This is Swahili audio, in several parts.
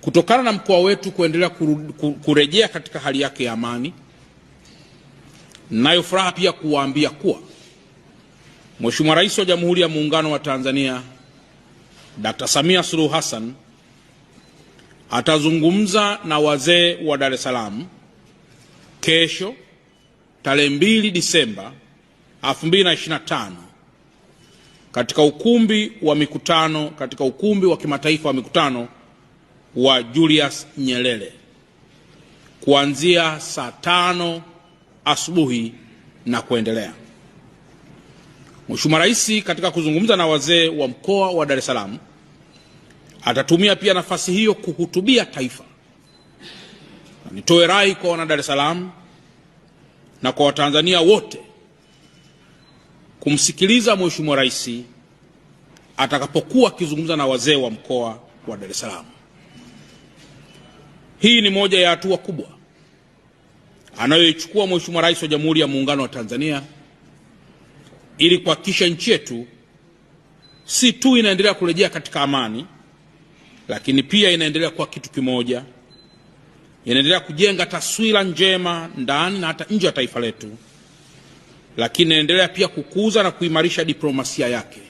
kutokana na mkoa wetu kuendelea kurejea katika hali yake ya amani. Nayo furaha pia kuwaambia kuwa Mheshimiwa Rais wa Jamhuri ya Muungano wa Tanzania Dr. Samia Suluhu Hassan atazungumza na wazee wa Dar es Salaam kesho tarehe 2 Disemba 2025 katika ukumbi wa mikutano katika ukumbi wa kimataifa wa mikutano wa Julius Nyerere kuanzia saa tano asubuhi na kuendelea. Mheshimiwa Rais katika kuzungumza na wazee wa mkoa wa Dar es Salaam atatumia pia nafasi hiyo kuhutubia taifa. Nitoe rai kwa wana Dar es Salaam na kwa Watanzania wote kumsikiliza Mheshimiwa Rais atakapokuwa akizungumza na wazee wa mkoa wa Dar es Salaam. Hii ni moja ya hatua kubwa anayoichukua Mheshimiwa Rais wa Jamhuri ya Muungano wa Tanzania ili kuhakikisha nchi yetu si tu inaendelea kurejea katika amani, lakini pia inaendelea kuwa kitu kimoja, inaendelea kujenga taswira njema ndani na hata nje ya taifa letu, lakini inaendelea pia kukuza na kuimarisha diplomasia yake,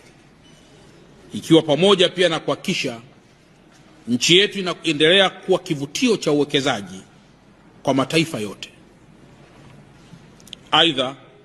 ikiwa pamoja pia na kuhakikisha Nchi yetu inaendelea kuwa kivutio cha uwekezaji kwa mataifa yote. Aidha,